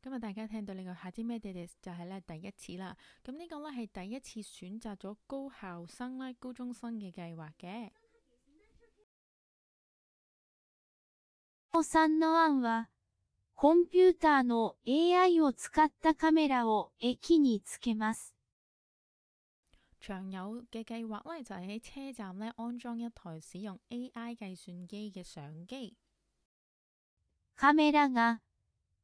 今日大家聽到呢個夏之咩地地就係咧第一次啦。咁呢個咧係第一次選擇咗高校生咧、高中生嘅計劃嘅。長友嘅計劃咧就係喺車站咧安裝一台使用 AI 計算機嘅相機。カメラが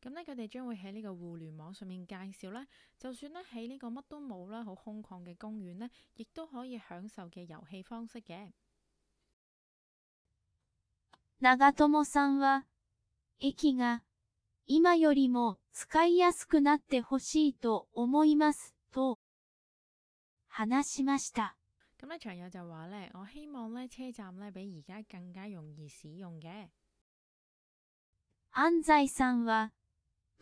咁咧，佢哋將會喺呢個互聯網上面介紹咧，就算咧喺呢個乜都冇啦，好空曠嘅公園咧，亦都可以享受嘅遊戲方式嘅。長友さんは駅が今よりも使いやすくなってほしいと思いますと話しました。咁咧，長友就話咧：我希望咧車站咧比而家更加容易使用嘅。安西さんは。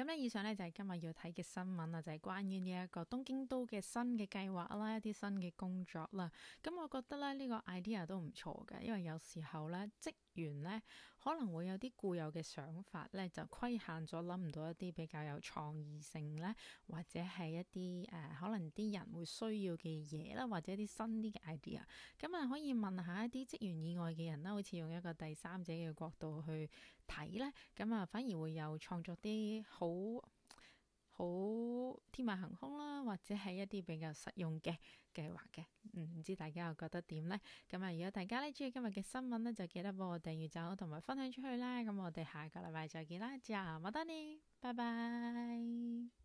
咁咧，以上咧就係今日要睇嘅新聞啦，就係、是、關於呢一個東京都嘅新嘅計劃啦，一啲新嘅工作啦。咁我覺得咧，呢個 idea 都唔錯嘅，因為有時候咧，職員咧可能會有啲固有嘅想法咧，就規限咗諗唔到一啲比較有創意性咧，或者係一啲誒、呃、可能啲人會需要嘅嘢啦，或者啲新啲嘅 idea。咁啊，可以問下一啲職員以外嘅人啦，好似用一個第三者嘅角度去睇咧，咁啊，反而會有創作啲好好天馬行空啦，或者係一啲比較實用嘅計劃嘅。嗯，唔知大家又覺得點咧？咁啊，如果大家咧鍾意今日嘅新聞咧，就記得幫我訂閱咗，同埋分享出去啦。咁我哋下個禮拜再見啦，之後冇多呢，拜 拜。 bye bye